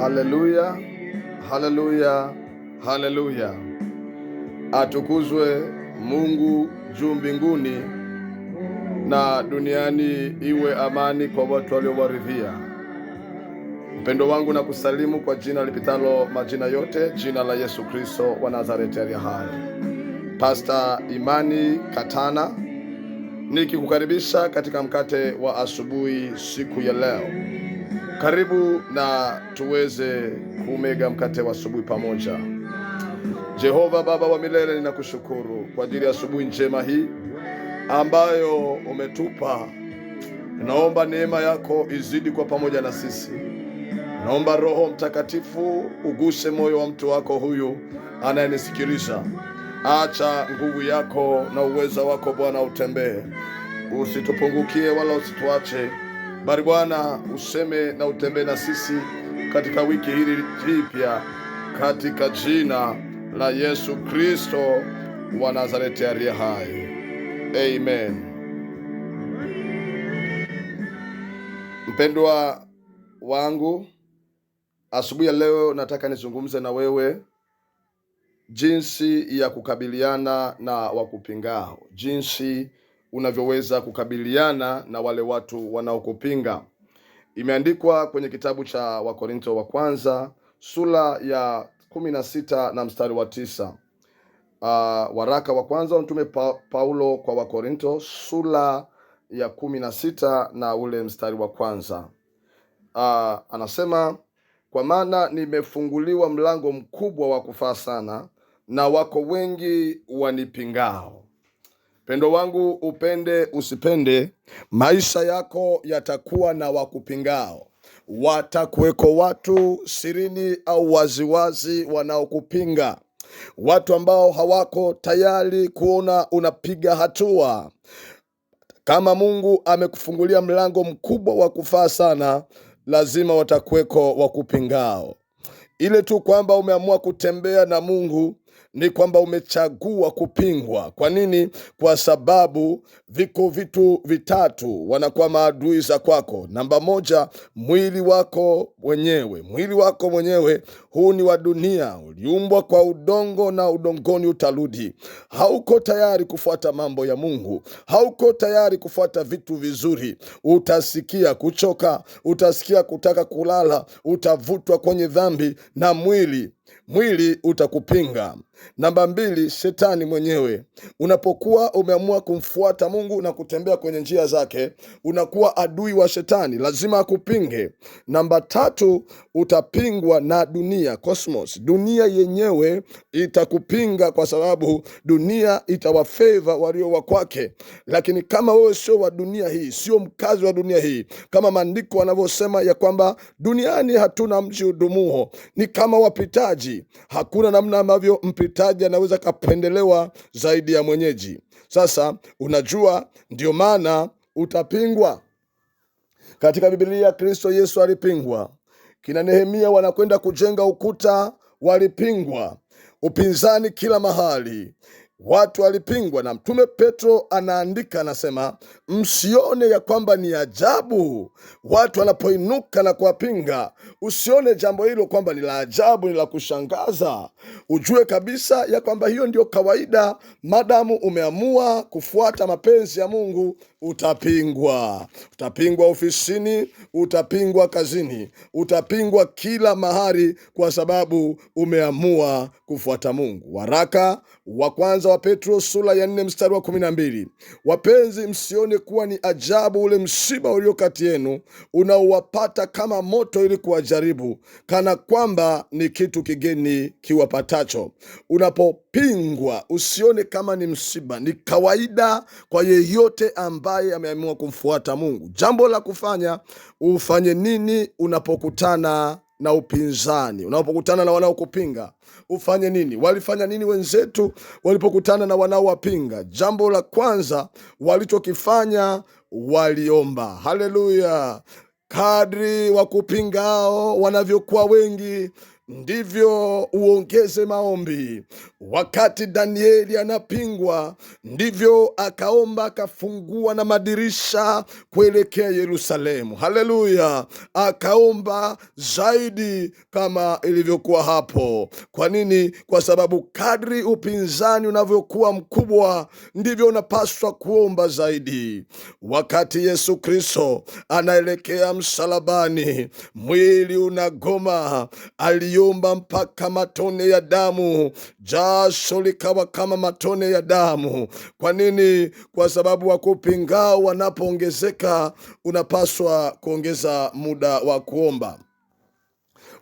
Haleluya, haleluya, haleluya! Atukuzwe Mungu juu mbinguni, na duniani iwe amani kwa watu waliowaridhia. Mpendo wangu na kusalimu kwa jina lipitalo majina yote, jina la Yesu Kristo wa Nazareti aliye hai. Pasta Imani Katana nikikukaribisha katika mkate wa asubuhi siku ya leo. Karibu na tuweze kumega mkate wa asubuhi pamoja. Jehova Baba wa milele, ninakushukuru kwa ajili ya asubuhi njema hii ambayo umetupa. Naomba neema yako izidi kwa pamoja na sisi. Naomba Roho Mtakatifu uguse moyo wa mtu wako huyu anayenisikiliza. Acha nguvu yako na uweza wako Bwana utembee, usitupungukie wala usituache Bali Bwana useme na utembee na sisi katika wiki hili jipya, katika jina la Yesu Kristo wa Nazareti aliye hai, amen. Mpendwa wangu, asubuhi ya leo nataka nizungumze na wewe jinsi ya kukabiliana na wakupingao, jinsi unavyoweza kukabiliana na wale watu wanaokupinga. Imeandikwa kwenye kitabu cha Wakorinto wa kwanza sura ya kumi na sita na mstari wa tisa. Uh, waraka wa kwanza wa Mtume pa, Paulo kwa Wakorinto sura ya kumi na sita na ule mstari wa kwanza. Uh, anasema kwa maana nimefunguliwa mlango mkubwa wa kufaa sana, na wako wengi wanipingao pendo wangu, upende usipende, maisha yako yatakuwa na wakupingao. Watakuweko watu sirini au waziwazi wanaokupinga, watu ambao hawako tayari kuona unapiga hatua. Kama Mungu amekufungulia mlango mkubwa wa kufaa sana, lazima watakuweko wakupingao. Ile tu kwamba umeamua kutembea na Mungu ni kwamba umechagua kupingwa. Kwa nini? Kwa sababu viko vitu vitatu wanakuwa maadui za kwako. Namba moja, mwili wako mwenyewe. Mwili wako mwenyewe huu ni wa dunia, uliumbwa kwa udongo na udongoni utarudi. Hauko tayari kufuata mambo ya Mungu, hauko tayari kufuata vitu vizuri. Utasikia kuchoka, utasikia kutaka kulala, utavutwa kwenye dhambi na mwili mwili utakupinga. Namba mbili, shetani mwenyewe. Unapokuwa umeamua kumfuata Mungu na kutembea kwenye njia zake, unakuwa adui wa shetani, lazima akupinge. Namba tatu, utapingwa na dunia, cosmos. Dunia yenyewe itakupinga kwa sababu dunia itawafeva walio wa kwake. Lakini kama wewe sio wa dunia hii, sio mkazi wa dunia hii, kama maandiko anavyosema ya kwamba duniani hatuna mji udumuo, ni kama wapitaji mpitaji. Hakuna namna ambavyo mpitaji anaweza kapendelewa zaidi ya mwenyeji. Sasa unajua, ndio maana utapingwa katika Biblia. Kristo Yesu alipingwa, kina Nehemia wanakwenda kujenga ukuta, walipingwa, upinzani kila mahali watu walipingwa, na Mtume Petro anaandika anasema, msione ya kwamba ni ajabu watu wanapoinuka na kuwapinga. Usione jambo hilo kwamba ni la ajabu, ni la kushangaza. Ujue kabisa ya kwamba hiyo ndiyo kawaida, madamu umeamua kufuata mapenzi ya Mungu utapingwa. Utapingwa ofisini, utapingwa kazini, utapingwa kila mahali, kwa sababu umeamua kufuata Mungu. Waraka wa kwanza wa Petro sura ya nne mstari wa kumi na mbili. Wapenzi, msione kuwa ni ajabu ule msiba ulio kati yenu unaowapata kama moto, ili kuwajaribu, kana kwamba ni kitu kigeni kiwapatacho. Unapopingwa usione kama ni msiba, ni kawaida kwa yeyote amba ambaye ameamua kumfuata Mungu. Jambo la kufanya, ufanye nini unapokutana na upinzani, unapokutana na wanaokupinga ufanye nini? Walifanya nini wenzetu walipokutana na wanaowapinga? Jambo la kwanza walichokifanya, waliomba. Haleluya! Kadri wakupingao wanavyokuwa wengi ndivyo uongeze maombi. Wakati Danieli anapingwa, ndivyo akaomba, akafungua na madirisha kuelekea Yerusalemu. Haleluya! Akaomba zaidi kama ilivyokuwa hapo. Kwa nini? Kwa sababu kadri upinzani unavyokuwa mkubwa, ndivyo unapaswa kuomba zaidi. Wakati Yesu Kristo anaelekea msalabani, mwili unagoma ali yumba mpaka matone ya damu, jasho likawa kama matone ya damu. Kwa nini? Kwa sababu wakupingao wanapoongezeka, unapaswa kuongeza muda wa kuomba.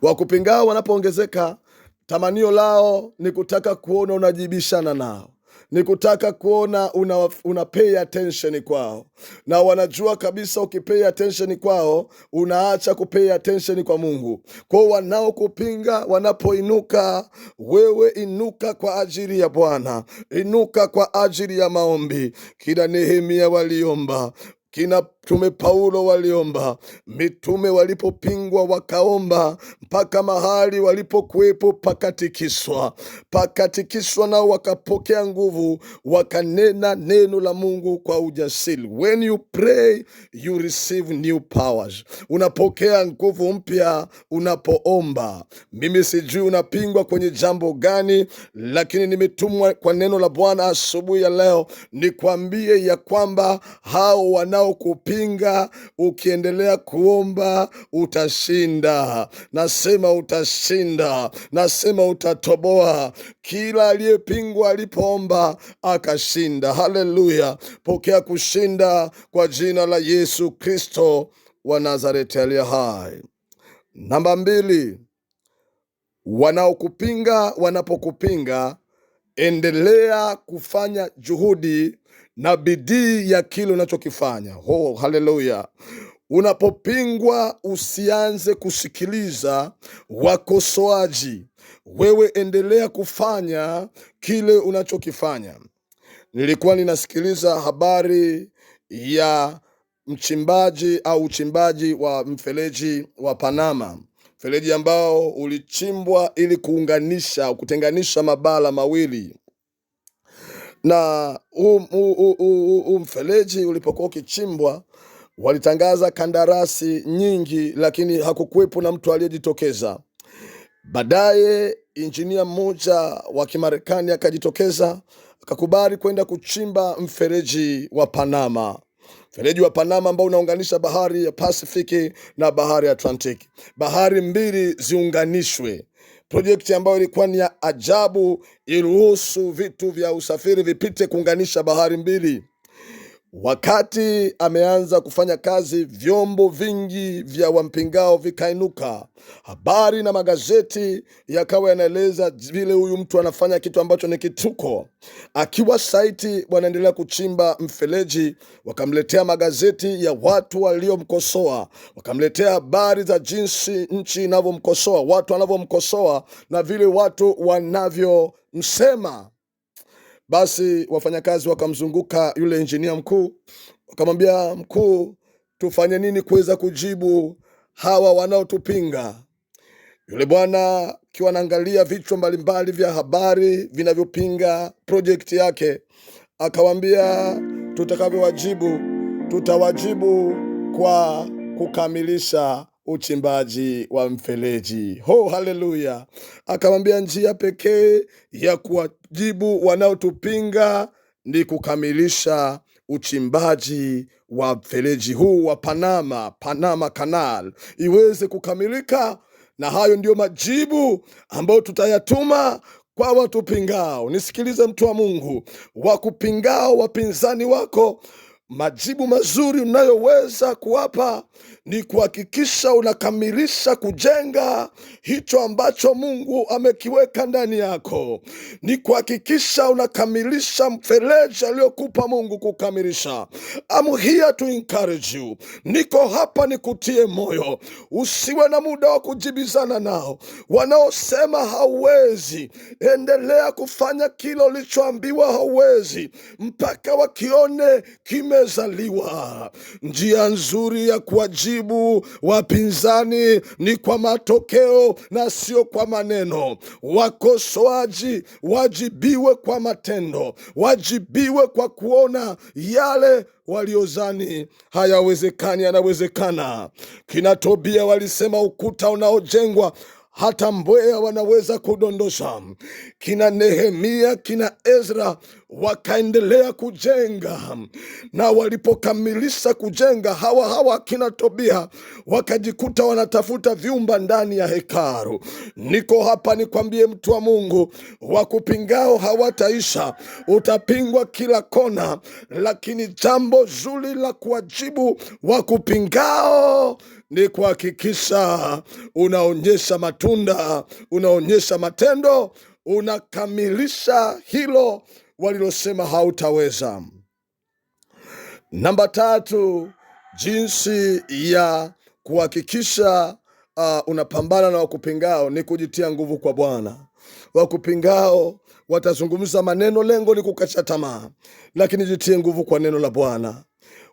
Wakupingao wanapoongezeka, tamanio lao ni kutaka kuona unajibishana nao ni kutaka kuona una, una pay attention kwao, na wanajua kabisa ukipay attention kwao unaacha kupay attention kwa Mungu. Kwa wanaokupinga wanapoinuka, wewe inuka kwa ajili ya Bwana, inuka kwa ajili ya maombi. Kina Nehemia waliomba, kina Mtume Paulo waliomba, mitume walipopingwa wakaomba, mpaka mahali walipokuwepo pakatikiswa. Pakatikiswa nao wakapokea nguvu, wakanena neno la Mungu kwa ujasiri. When you pray you receive new powers, unapokea nguvu mpya unapoomba. Mimi sijui unapingwa kwenye jambo gani, lakini nimetumwa kwa neno la Bwana asubuhi ya leo nikwambie ya kwamba hao wanaokupi kupinga, ukiendelea kuomba utashinda. Nasema utashinda, nasema utatoboa. Kila aliyepingwa alipoomba akashinda. Haleluya! Pokea kushinda kwa jina la Yesu Kristo wa Nazareti aliye hai. Namba mbili, wanaokupinga wanapokupinga, endelea kufanya juhudi na bidii ya kile unachokifanya. Oh, haleluya! Unapopingwa usianze kusikiliza wakosoaji, wewe endelea kufanya kile unachokifanya. Nilikuwa ninasikiliza habari ya mchimbaji au uchimbaji wa mfereji wa Panama, mfereji ambao ulichimbwa ili kuunganisha, kutenganisha mabara mawili na huu um, mfereji um, um, ulipokuwa ukichimbwa walitangaza kandarasi nyingi, lakini hakukuwepo na mtu aliyejitokeza. Baadaye injinia mmoja wa Kimarekani akajitokeza akakubali kwenda kuchimba mfereji wa Panama, mfereji wa Panama ambao unaunganisha bahari ya Pasifiki na bahari ya Atlantiki, bahari mbili ziunganishwe projekti ambayo ilikuwa ni ya ajabu, iruhusu vitu vya usafiri vipite kuunganisha bahari mbili. Wakati ameanza kufanya kazi, vyombo vingi vya wampingao vikainuka, habari na magazeti yakawa yanaeleza vile huyu mtu anafanya kitu ambacho ni kituko. Akiwa saiti, wanaendelea kuchimba mfereji, wakamletea magazeti ya watu waliomkosoa, wakamletea habari za jinsi nchi inavyomkosoa, watu wanavyomkosoa na vile watu wanavyomsema. Basi wafanyakazi wakamzunguka yule injinia mkuu, wakamwambia mkuu, tufanye nini kuweza kujibu hawa wanaotupinga? Yule bwana akiwa anaangalia vichwa mbalimbali vya habari vinavyopinga projekti yake, akawaambia tutakavyowajibu, tutawajibu kwa kukamilisha uchimbaji wa mfereji. Ho, haleluya! Akamwambia, njia pekee ya kuwajibu wanaotupinga ni kukamilisha uchimbaji wa mfereji huu wa Panama, Panama Canal iweze kukamilika, na hayo ndiyo majibu ambayo tutayatuma kwa watupingao. Nisikilize mtu wa Mungu, wakupingao wapinzani wako Majibu mazuri unayoweza kuwapa ni kuhakikisha unakamilisha kujenga hicho ambacho Mungu amekiweka ndani yako, ni kuhakikisha unakamilisha mfereji aliyokupa Mungu kukamilisha. I'm here to encourage you, niko hapa ni kutie moyo, usiwe na muda wa kujibizana nao wanaosema hauwezi. Endelea kufanya kile ulichoambiwa hauwezi mpaka wakione kime amezaliwa. Njia nzuri ya kuwajibu wapinzani ni kwa matokeo na sio kwa maneno. Wakosoaji wajibiwe kwa matendo, wajibiwe kwa kuona yale waliozani hayawezekani yanawezekana. Kina Tobia walisema ukuta unaojengwa hata mbweha wanaweza kudondosha. Kina Nehemia, kina Ezra wakaendelea kujenga, na walipokamilisha kujenga, hawa hawa akina Tobia wakajikuta wanatafuta vyumba ndani ya hekalu. Niko hapa nikwambie, mtu wa Mungu, wakupingao hawataisha, utapingwa kila kona, lakini jambo zuri la kuwajibu wakupingao ni kuhakikisha unaonyesha matunda, unaonyesha matendo, unakamilisha hilo walilosema hautaweza. Namba tatu, jinsi ya kuhakikisha uh, unapambana na wakupingao ni kujitia nguvu kwa Bwana. Wakupingao watazungumza maneno, lengo ni kukacha tamaa, lakini jitie nguvu kwa neno la Bwana.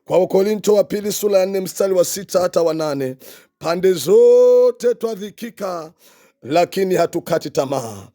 Kwa Wakorinto wa pili sura ya nne mstari wa sita hata wa nane pande zote twadhikika lakini hatukati tamaa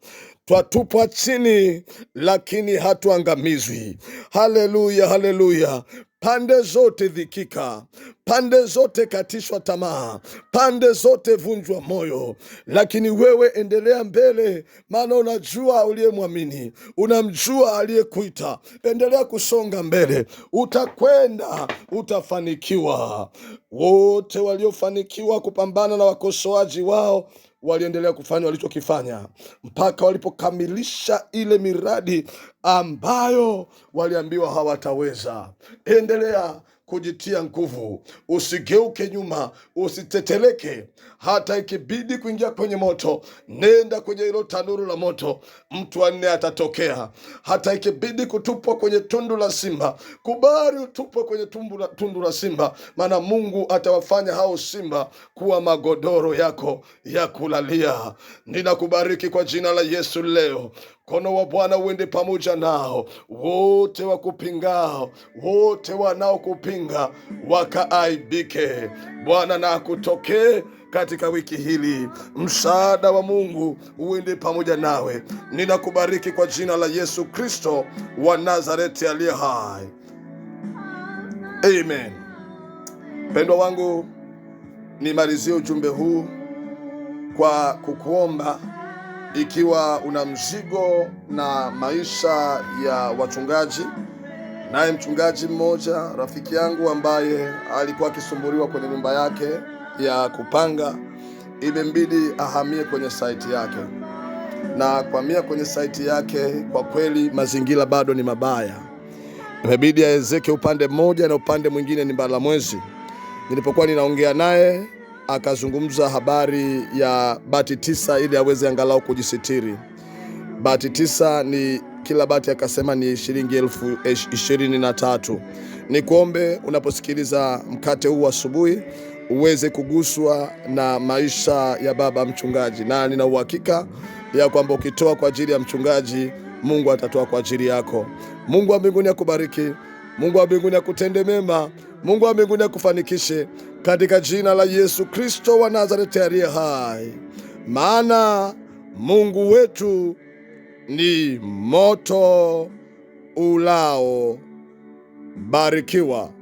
twatupwa chini, lakini hatuangamizwi. Haleluya, haleluya! Pande zote dhikika, pande zote katishwa tamaa, pande zote vunjwa moyo, lakini wewe endelea mbele, maana unajua uliyemwamini, unamjua aliyekuita. Endelea kusonga mbele, utakwenda, utafanikiwa. Wote waliofanikiwa kupambana na wakosoaji wao waliendelea kufanya walichokifanya mpaka walipokamilisha ile miradi ambayo waliambiwa hawataweza. Endelea kujitia nguvu, usigeuke nyuma, usiteteleke. Hata ikibidi kuingia kwenye moto, nenda kwenye hilo tanuru la moto, mtu wa nne atatokea. Hata ikibidi kutupwa kwenye tundu la simba, kubali utupwe kwenye tundu la simba, maana Mungu atawafanya hao simba kuwa magodoro yako ya kulalia. Ninakubariki kwa jina la Yesu leo Mkono wa Bwana uende pamoja nao wote wakupingao, wote wanaokupinga wakaaibike. Bwana na akutokee katika wiki hili, msaada wa Mungu uende pamoja nawe. Ninakubariki kwa jina la Yesu Kristo wa Nazareti aliye hai, amen. Mpendwa wangu, nimalizie ujumbe huu kwa kukuomba ikiwa una mzigo na maisha ya wachungaji. Naye mchungaji mmoja rafiki yangu ambaye alikuwa akisumbuliwa kwenye nyumba yake ya kupanga, imembidi ahamie kwenye saiti yake, na kuhamia kwenye saiti yake, kwa kweli mazingira bado ni mabaya, imebidi aezeke upande mmoja na upande mwingine ni Mbalamwezi. Nilipokuwa ninaongea naye akazungumza habari ya bati tisa ili aweze angalau kujisitiri. Bati tisa ni kila bati akasema ni shilingi elfu ishirini na tatu. Ni kuombe unaposikiliza mkate huu asubuhi uweze kuguswa na maisha ya baba mchungaji, na nina uhakika ya kwamba ukitoa kwa ajili ya mchungaji, Mungu atatoa kwa ajili yako. Mungu wa mbinguni akubariki, Mungu wa mbinguni akutende mema. Mungu wa mbinguni akufanikishe katika jina la Yesu Kristo wa Nazareti aliye hai, maana Mungu wetu ni moto ulao. Barikiwa.